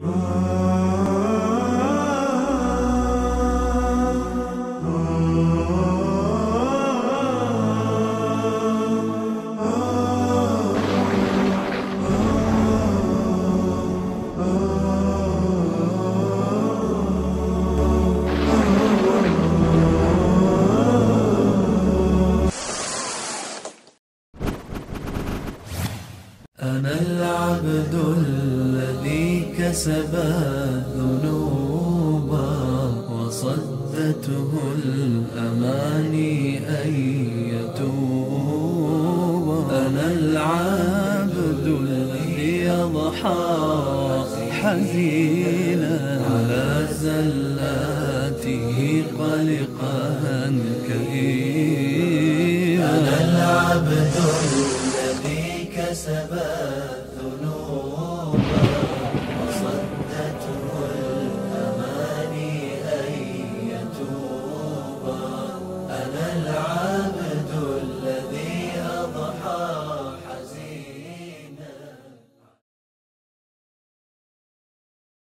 أنا العبد الله كسب ذنوبا وصدته الأماني أن يتوب أنا العبد الذي يضحى حزينا على زلاته قلقا كئيبا أنا العبد love.